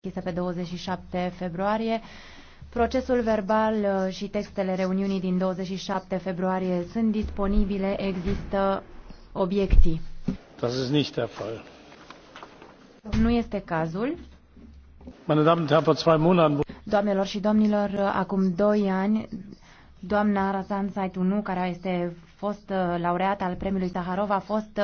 închisă pe 27 februarie. Procesul verbal uh, și textele reuniunii din 27 februarie sunt disponibile, există obiecții. Das ist nicht der Fall. Nu este cazul. Meine Damen und Herren, vor zwei Monaten... Doamnelor și domnilor, uh, acum doi ani, doamna Razan Saitunu, care este fost uh, laureată al premiului Saharov, a fost